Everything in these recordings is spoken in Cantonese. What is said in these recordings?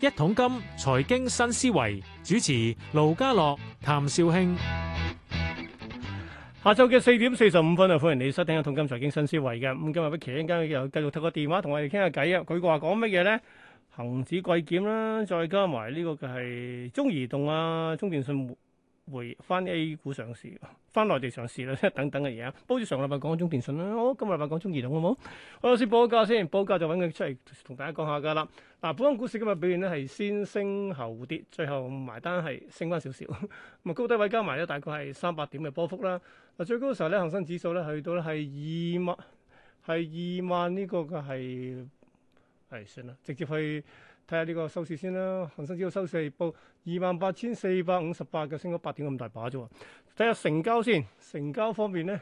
一桶金財經新思維，主持盧家樂譚紹興，下晝嘅四點四十五分啊，歡迎你收聽一桶金財經新思維嘅。咁今日俾其他依家又繼續透過電話同我哋傾下偈啊。佢話講乜嘢咧？恒指季檢啦，再加埋呢個嘅係中移動啊，中電信。回翻 A 股上市，翻內地上市啦，即係等等嘅嘢啊！包括上個禮拜講中電信啦，我、哦、今個禮拜講中移動好冇？我先報個價先，報價就揾佢出嚟同大家講下噶啦。嗱，本港股市今日表現咧係先升後跌，最後埋單係升翻少少，咁啊高低位加埋咧大概係三百點嘅波幅啦。嗱，最高嘅時候咧，恒生指數咧去到咧係二萬，係二萬呢個嘅係係算啦，直接去。睇下呢個收市先啦，恒生指數收市報二萬八千四百五十八嘅，升咗八點咁大把啫。睇下成交先，成交方面咧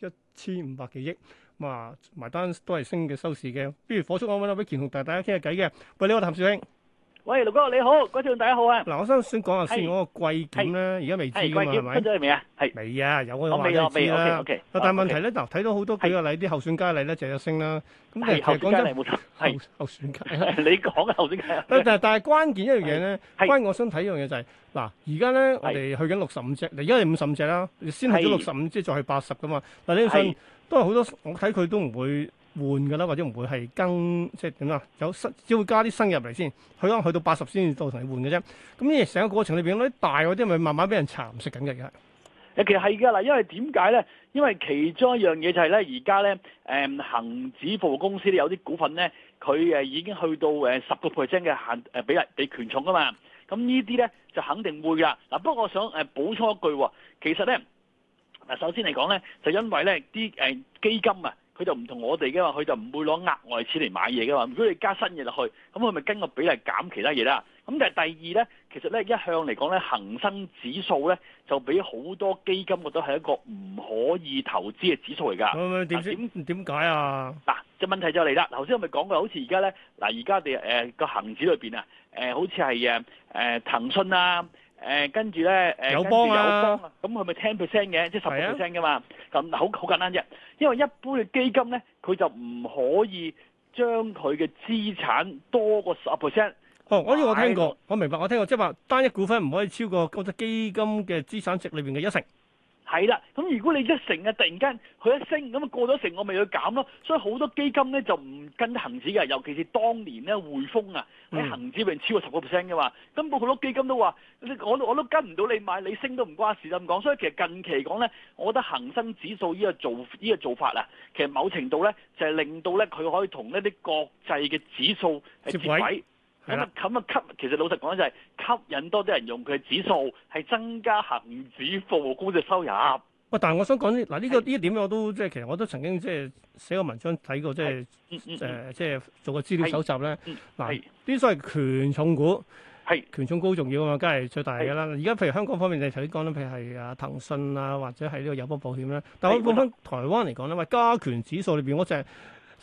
一千五百幾億，嘛埋單都係升嘅收市嘅。不如火速揾揾阿威權同大大家傾下偈嘅，喂，你好，譚紹興。喂，陸哥你好，嗰條大家好啊！嗱，我想先講下先嗰個季檢咧，而家未知噶嘛係咪？季檢分咗嚟未啊？係未啊？有我話你知啦。但係問題咧，嗱，睇到好多舉個例啲候選佳麗咧就有升啦。咁係候選佳麗冇錯。係候選佳，你講候選佳。但係但係關鍵一樣嘢咧，關我想睇一樣嘢就係，嗱，而家咧我哋去緊六十五隻，而家係五十五隻啦，先去咗六十五隻再去八十噶嘛。嗱，你信都係好多，我睇佢都唔會。換噶啦，或者唔會係更即係點啊？有新隻會加啲新入嚟先，佢可能去到八十先至到同你換嘅啫。咁呢成個過程裏邊嗰啲大嗰啲咪慢慢俾人蠶食緊嘅。其實係嘅啦，因為點解咧？因為其中一樣嘢就係咧，而家咧誒恆指服務公司咧有啲股份咧，佢誒已經去到誒十個 percent 嘅限誒比例俾權重㗎嘛。咁呢啲咧就肯定會㗎。嗱，不過我想誒補充一句。其實咧嗱，首先嚟講咧，就因為咧啲誒基金啊。佢就唔同我哋嘅嘛，佢就唔會攞額外錢嚟買嘢嘅嘛。如果你加新嘢落去，咁佢咪跟個比例減其他嘢啦。咁但係第二咧，其實咧一向嚟講咧，恒生指數咧就畀好多基金覺得係一個唔可以投資嘅指數嚟㗎。點點點解啊？嗱，即係問題就嚟啦。頭先我咪講過，好似而家咧嗱，而家哋誒個恒指裏邊啊，誒好似係誒誒騰訊啊。誒、呃，跟住咧，誒、呃，跟住有幫啊，咁佢咪 ten percent 嘅，即係十 percent 噶嘛，咁好、啊，好簡單啫。因為一般嘅基金咧，佢就唔可以將佢嘅資產多過十 percent。哦，我呢個我聽過，我明白，我聽過，即係話單一股份唔可以超過嗰隻基金嘅資產值裏邊嘅一成。係啦，咁如果你一成啊，突然間佢一升咁啊，過咗成我咪要減咯。所以好多基金咧就唔跟恒指嘅，尤其是當年咧匯豐啊喺恒，嗯、指面超過十個 percent 嘅話，根本好多基金都話，我我都跟唔到你買，你升都唔關事咁講。所以其實近期講咧，我覺得恒生指數呢個做呢、呢個做法啦，其實某程度咧就係、是、令到咧佢可以同一啲國際嘅指數係接軌。咁啊咁啊吸，其實老實講就係吸引多啲人用佢嘅指數，係增加恆指服務公司嘅收入。喂，但係我想講，嗱，呢個呢一點我都即係其實我都曾經即係寫過文章睇過，即係誒即係做過資料搜集咧。嗱，啲、嗯、所謂權重股係權重高重要啊嘛，梗係最大嘅啦。而家譬如香港方面，你頭先講咧，譬如係啊騰訊啊，或者係呢個友邦保險咧。但係我講翻台灣嚟講咧，喂，加權指數裏邊我就係、是。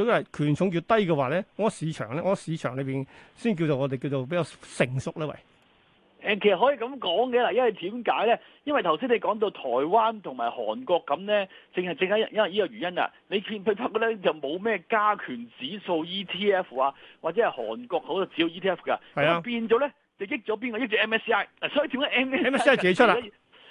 如果係權重越低嘅話咧，我市場咧，我市場裏邊先叫做我哋叫做比較成熟咧，喂。誒，其實可以咁講嘅啦，因為點解咧？因為頭先你講到台灣同埋韓國咁咧，淨係淨係因為呢個原因啊。你見佢拍嘅咧，就冇咩加權指數 ETF 啊，或者係韓國好、啊、就只有 ETF 㗎。係啊。變咗咧，就益咗邊個？益住 MSCI。所以點解 MSCI 自己出啊？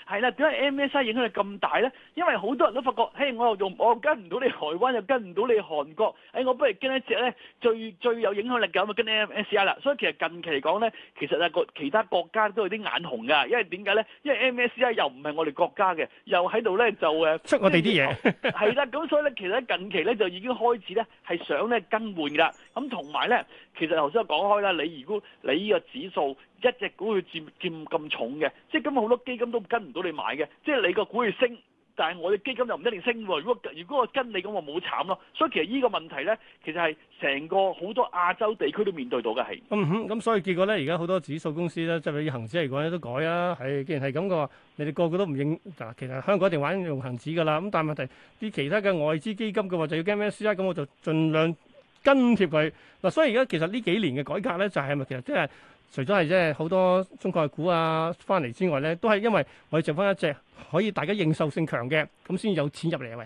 係啦，點解 MSCI 影響力咁大呢？因為好多人都發覺，嘿，我又用我又跟唔到你台灣，又跟唔到你韓國，我不如跟一隻呢最最有影響力㗎嘛，跟 MSCI 啦。所以其實近期嚟講呢，其實啊其他國家都有啲眼紅㗎，因為點解呢？因為 MSCI 又唔係我哋國家嘅，又喺度呢，就出我哋啲嘢。係 啦，咁所以呢，其實近期呢，就已經開始呢，係想呢，更換㗎。咁同埋呢，其實頭先我講開啦，你如果你呢個指數一隻股佢佔佔咁重嘅，即係咁好多基金都跟唔到你買嘅。即係你個股佢升，但係我哋基金又唔一定升喎。如果如果我跟你咁，我冇慘咯。所以其實依個問題咧，其實係成個好多亞洲地區都面對到嘅係。嗯哼，咁所以結果咧，而家好多指數公司咧，即係以恆指嚟講咧都改啦。係，既然係咁嘅話，你哋個個都唔認嗱。其實香港一定玩用恆指㗎啦。咁但係問題啲其他嘅外資基金嘅話，就要驚咩書啦。咁我就盡量跟貼佢嗱。所以而家其實呢幾年嘅改革咧，就係咪其實即係。除咗係即係好多中國嘅股啊翻嚟之外咧，都係因為我哋剩翻一隻可以大家認受性強嘅，咁先有錢入嚟嘅喂。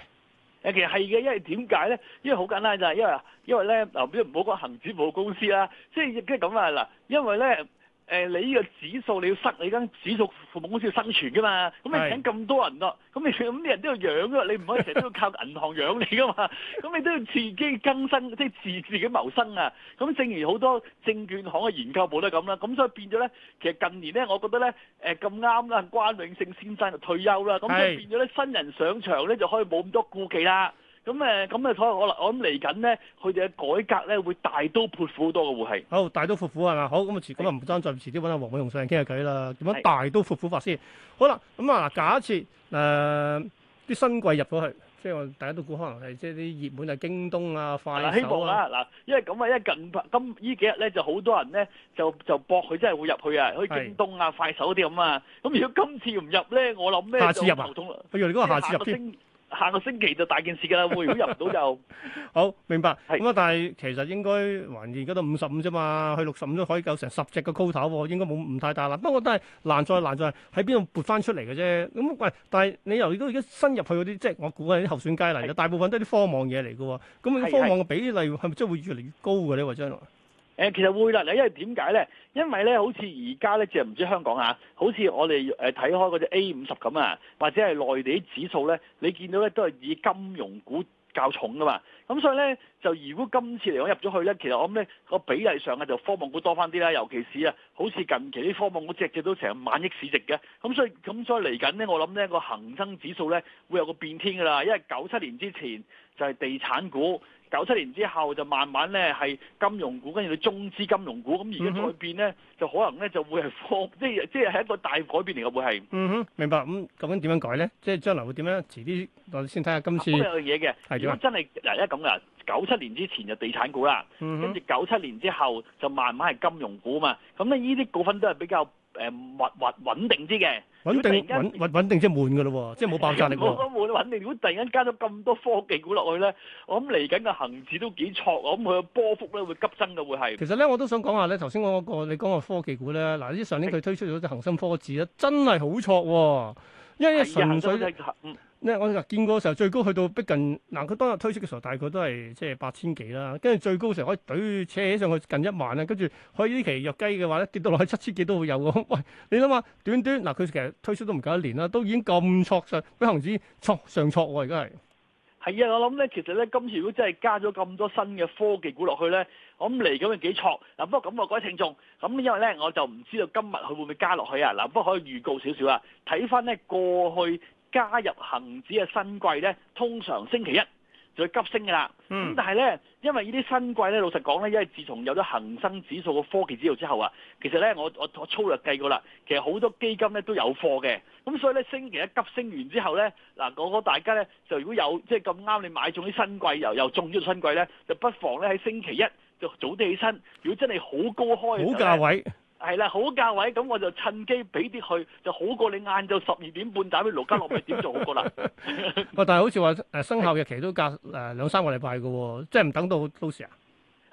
誒，其實係嘅，因為點解咧？因為好簡單，就係，因為因為咧嗱，即係唔好講恒指母公司啦，即係即係咁啊嗱，因為咧。誒、呃，你呢個指數你要塞你間指數服務公司要生存噶嘛？咁你請咁多人咯，啊，咁你咁啲人都要養咯，啊，你唔可以成日都要靠銀行養你噶嘛？咁 你都要自己更生，即係自自己謀生啊！咁正如好多證券行嘅研究部都係咁啦，咁所以變咗咧，其實近年咧，我覺得咧，誒咁啱啦，關永勝先生就退休啦，咁變咗咧，新人上場咧就可以冇咁多顧忌啦。咁誒，咁誒，所以可能我諗嚟緊咧，佢哋嘅改革咧會大刀闊斧好多嘅會係，好大刀闊斧係嘛？好咁啊，遲咁啊，唔爭再遲啲揾阿黃偉雄上嚟傾下偈啦。點樣大刀闊斧法先？好啦，咁啊，假設誒啲新貴入咗去，即係我大家都估可能係即係啲熱門啊，京東啊、快手啊。希望啦，嗱，因為咁啊，一近今呢幾日咧，就好多人咧就就搏佢真係會入去啊，去京東啊、快手啲咁啊。咁如果今次唔入咧，我諗咩，下次入啊？係啊，你講話下次入先。下個星期就大件事㗎啦，如果入唔到就 好明白。咁啊，但係其實應該還而家都五十五啫嘛，去六十五都可以夠成十隻嘅 call 頭喎，應該冇唔太大啦。不過都係難再難再喺邊度撥翻出嚟嘅啫。咁喂，但係你由都而家新入去嗰啲，即係我估係啲候選雞嚟嘅，大部分都係啲科網嘢嚟嘅喎。咁科網嘅比例如係咪真係會越嚟越高嘅呢？話將來？誒其實會啦，你因為點解咧？因為咧，好似而家咧，就係唔知香港啊好似我哋誒睇開嗰隻 A 五十咁啊，或者係內地啲指數咧，你見到咧都係以金融股較重噶嘛。咁所以咧，就如果今次嚟講入咗去咧，其實我諗咧個比例上啊，就科網股多翻啲啦。尤其是啊，好似近期啲科網股隻隻都成萬億市值嘅。咁所以咁所以嚟緊咧，我諗呢個恒生指數咧會有個變天噶啦。因為九七年之前就係地產股。九七年之後就慢慢咧係金融股，跟住佢中資金融股，咁而家再變咧、嗯，就可能咧就會係貨，即係即係係一個大改變嚟嘅，會係嗯哼，明白咁、嗯、究竟點樣改咧？即係將來會點樣？遲啲我先睇下今次。所、啊、有嘢嘅係如果真係嗱，一咁噶，九七年之前就地產股啦，跟、嗯、住九七年之後就慢慢係金融股嘛。咁咧，呢啲股份都係比較。誒穩穩穩定啲嘅，穩定，穩穩穩定即係悶㗎咯喎，即係冇爆炸力喎。我都冇得穩定，如果突然間加咗咁多科技股落去咧，我諗嚟緊個恆指都幾錯，咁佢個波幅咧會急增嘅會係。其實咧我都想講下咧，頭先我個你講個科技股咧，嗱呢上年佢推出咗隻恆生科技股咧，真係好錯，因為純粹。咧我話見過嘅時候最高去到逼近嗱，佢當日推出嘅時候大概都係即係八千幾啦，跟住最高時候可以懟扯起上去近一萬咧，跟住可以呢期弱雞嘅話咧跌到落去七千幾都會有嘅。喂，你諗下短短嗱，佢其實推出都唔夠一年啦，都已經咁錯實，比恆指錯上錯喎而家係。係啊，我諗咧，其實咧今次如果真係加咗咁多新嘅科技股落去咧，咁嚟緊係幾錯嗱。不過咁啊，各位聽眾咁，因為咧我就唔知道今日佢會唔會加落去啊嗱。不過可以預告少少啦，睇翻咧過去。加入恒指嘅新季呢，通常星期一就會急升噶啦。嗯、但係呢，因為呢啲新季呢，老實講呢，因為自從有咗恒生指數嘅科技指數之後啊，其實呢，我我我粗略計過啦，其實好多基金呢都有貨嘅。咁所以呢，星期一急升完之後呢，嗱，如大家呢，就如果有即係咁啱，就是、你買中啲新季，又又中咗新季呢，就不妨呢，喺星期一就早啲起身。如果真係好高開，好價位。係啦，好價位咁，我就趁機俾啲去，就好過你晏晝十二點半打俾盧家樂，咪 點做好過啦。喂 但係好似話，呃、生效日期都隔誒、呃、兩三個禮拜㗎喎，即係唔等到好 o s 呀。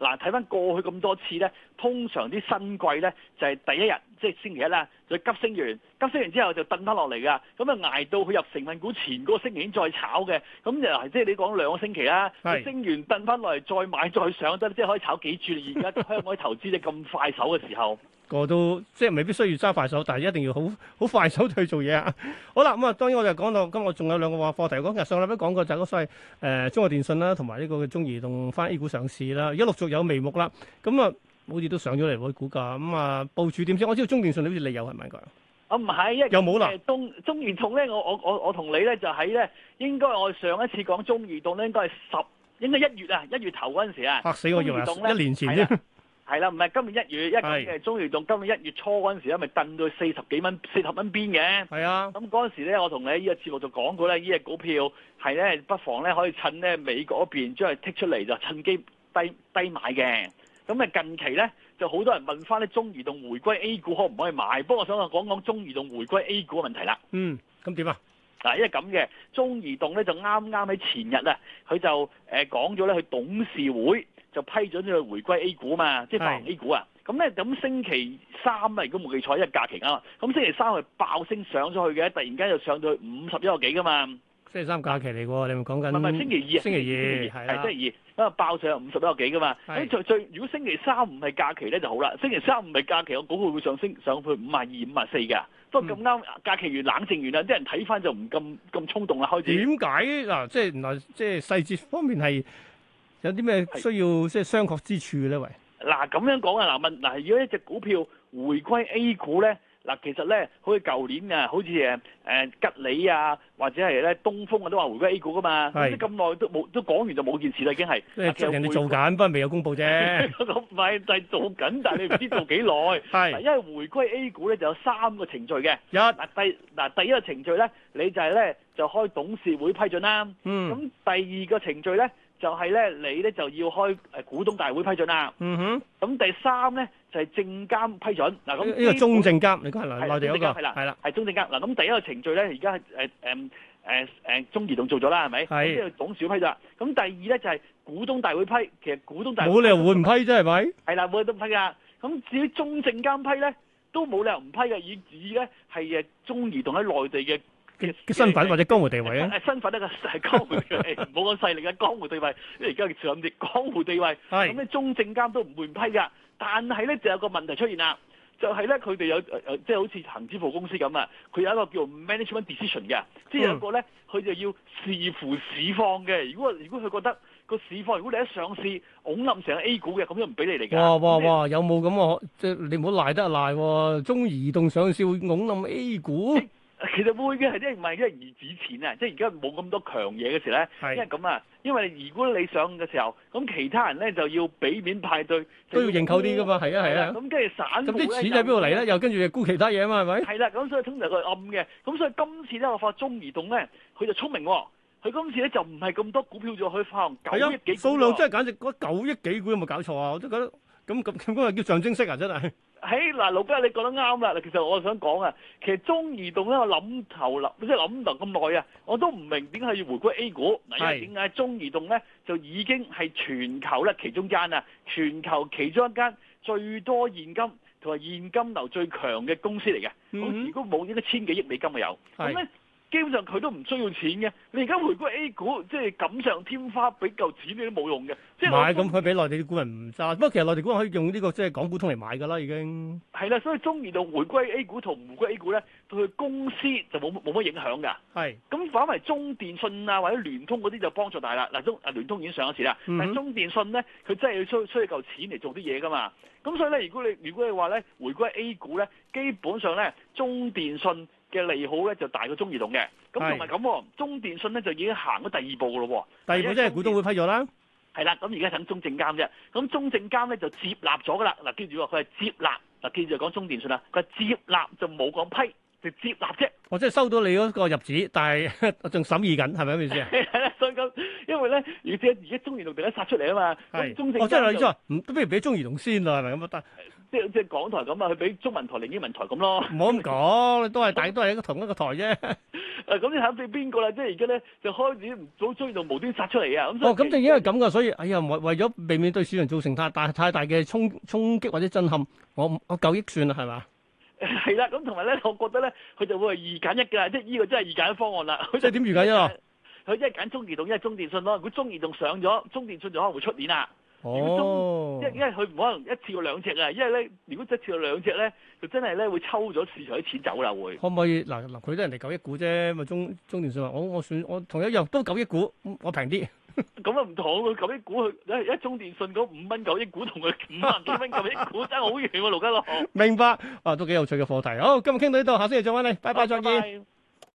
嗱，睇翻過去咁多次咧，通常啲新季咧就係，是，第一日即係星期一啦，就急升完，急升完之後就褪翻落嚟㗎。咁啊捱到佢入成分股前嗰，那個升再炒嘅，咁就係即係你講兩個星期啦，就升完褪翻落嚟再買再上，即係可以炒幾注。而家香港投資者咁 快手嘅時候。個都即係未必需要揸快手，但係一定要好好快手去做嘢啊！ 好啦，咁、嗯、啊，當然我就講到，今日仲有兩個話課題，講日上禮拜講過就係、是、誒、呃、中國電信啦，同埋呢個中移動翻 A 股上市啦，而家陸續有眉目啦。咁、嗯嗯、啊，好似都上咗嚟嗰估股價，咁啊部署點先？我知道中電信你好似你、啊、有係咪個？我唔係，又冇啦。中中移動咧，我我我我同你咧就喺、是、咧，應該我上一次講中移動咧，應該係十，應該一月啊，一月頭嗰陣時啊，嚇死我用一年前啫。 係啦，唔係今年一月，一月誒中移動今年一月初嗰陣時咧，咪掄到四十幾蚊、四十蚊邊嘅。係啊，咁嗰陣時咧，我同你呢個節目就講過咧，呢、這、隻、個、股票係咧，不妨咧可以趁咧美國嗰邊將佢剔出嚟就趁機低低買嘅。咁誒近期咧就好多人問翻咧中移動回歸 A 股可唔可以買？不過我想講講中移動回歸 A 股嘅問題啦。嗯，咁點啊？嗱，因為咁嘅中移動咧就啱啱喺前日啊，佢就誒、呃、講咗咧佢董事會。就批准佢去回歸 A 股嘛，即係發行 A 股啊！咁咧，咁、嗯、星期三咪如果冇記錯，一日假期啊嘛。咁星期三係爆升上咗去嘅，突然間就上到五十一個幾噶嘛。星期三假期嚟喎、啊，你咪講緊。唔係星期二，星期二係啊，星期二因啊，爆上五十一個幾噶嘛。最最，如果星期三唔係假期咧就好啦。星期三唔係假期，我估票會上升上去五啊二、五啊四嘅。不過咁啱假期完冷靜完啦，啲人睇翻就唔咁咁衝動啦，開始。點解嗱？即係原來即係細節方面係。有啲咩需要即係商榷之處咧？喂，嗱咁樣講啊，嗱問嗱，如果一隻股票回歸 A 股咧，嗱其實咧，好似舊年啊，好似誒誒吉利啊，或者係咧東風啊，都話回歸 A 股噶嘛，唔知咁耐都冇都講完就冇件事啦，已經係即係人哋做緊，不過未有公佈啫。咁唔係，就係做緊，但係你唔知做幾耐。係，因為回歸 A 股咧就有三個程序嘅。一嗱第嗱第一個程序咧，你就係咧就開董事會批准啦。嗯。咁第二個程序咧。就係咧，你咧就要開誒股東大會批准啦。嗯哼。咁第三咧就係證監批准。嗱，咁呢個中證監，你講係內地嗰個。係啦，係啦，係中證監。嗱，咁第一個程序咧，而家誒誒誒誒中移動做咗啦，係咪？係。咁呢度董事會批咗啦。咁第二咧就係股東大會批，其實股東大會冇理由會唔批啫，係咪？係啦，冇得批啊。咁至於中證監批咧，都冇理由唔批嘅，以至於咧係誒中移動喺內地嘅身份或者江湖地位 啊？身份咧係江湖地位。冇咁勢力嘅、啊、江湖地位。因而家仲有唔少江湖地位，咁咧中證監都唔會不批噶。但係咧就有一個問題出現啦，就係咧佢哋有即係、呃就是、好似恒指報公司咁啊，佢有一個叫做 management decision 嘅，即係有一個咧，佢就要視乎市況嘅。如果如果佢覺得個市況，如果你一上市㧬冧成 A 股嘅，咁都唔俾你嚟嘅哇哇哇！有冇咁啊？即係你唔好賴得賴，中移動上市會㧬冧 A 股。其實會嘅，係因為唔係因為易止錢啊！即係而家冇咁多強嘢嘅時咧，因為咁啊，因為如果你想嘅時候，咁其他人咧就要畀面派對，都要認購啲㗎嘛，係啊係啊。咁跟住散戶咧，咁啲錢喺邊度嚟咧？又跟住沽其他嘢啊嘛，係咪？係啦，咁所以通常佢暗嘅，咁所以今次咧我發中移動咧，佢就聰明，佢今次咧就唔係咁多股票就可以發行九億幾股。數量真係簡直嗰九億幾股有冇搞錯啊？我都覺得咁咁咁嗰個叫象徵式啊！真係。喺嗱，老吉，你講得啱啦。嗱，其實我想講啊，其實中移動咧，我諗頭諗即係諗頭咁耐啊，我都唔明點解要回歸 A 股，嗱，點解中移動咧就已經係全球咧其中間啊，全球其中一間最多現金同埋現金流最強嘅公司嚟嘅。咁如果冇呢個千幾億美金嘅有，咁咧。基本上佢都唔需要錢嘅。你而家回歸 A 股，即係錦上添花比較，俾嚿錢你都冇用嘅。唔係，咁佢俾內地啲股民唔揸。不過其實內地股民可以用呢、這個即係、就是、港股通嚟買㗎啦，已經。係啦，所以中移動回歸 A 股同唔回歸 A 股咧，對佢公司就冇冇乜影響㗎。係。咁反為中電信啊或者聯通嗰啲就幫助大啦。嗱中啊聯通已經上一次啦、嗯，但中電信咧佢真係要需要夠錢嚟做啲嘢㗎嘛。咁所以咧，如果你如果你話咧回歸 A 股咧，基本上咧中電信。嘅利好咧就大過中移動嘅，咁同埋咁，中電信咧就已經行咗第二步噶咯喎。第二步即係股東會批咗啦。係啦，咁而家等中證監啫。咁中證監咧就接納咗噶啦。嗱，跟住佢係接納，嗱，跟住就講中電信啦，佢係接納就冇講批，就接納啫、就是。我即係收到你嗰個入紙，但係仲審議緊，係咪咁意思啊？係 啦，所以咁，因為咧，而且而家中移動突然間殺出嚟啊嘛。係中證、哦。我真係不如都俾中移動先啦，係咪咁啊得？即即港台咁啊，佢俾中文台、零英文台咁咯。唔好咁講，都係大家都係一個同一個台啫。誒，咁你肯定邊個啦？即係而家咧就開始唔早追到無端殺出嚟啊！咁所以哦，咁就因為咁嘅，所以哎呀，為為咗避免對市場造成太大太大嘅衝衝擊或者震撼，我我夠億算啦，係嘛？係啦，咁同埋咧，我覺得咧，佢就會二揀一嘅啦，即係呢個真係二揀一方案啦。即係點二揀一啊？佢即係揀中移動，即係中電信咯。如果中移動上咗，中電信就可能會出線啦。哦，因為因為佢唔可能一次過兩隻啊，因為咧，如果一次過兩隻咧，就真係咧，會抽咗市場啲錢走啦，會。可唔可以嗱嗱，佢都係九億股啫，咪中中電信啊，我我算我同一樣都九億股，我平啲。咁啊唔同，佢九億股，一一中電信嗰五蚊九億股同佢五萬幾蚊九億股真係好遠喎，盧家樂。明白啊，都幾有趣嘅課題。好，今日傾到呢度，下星期再揾你，拜拜，再見。拜拜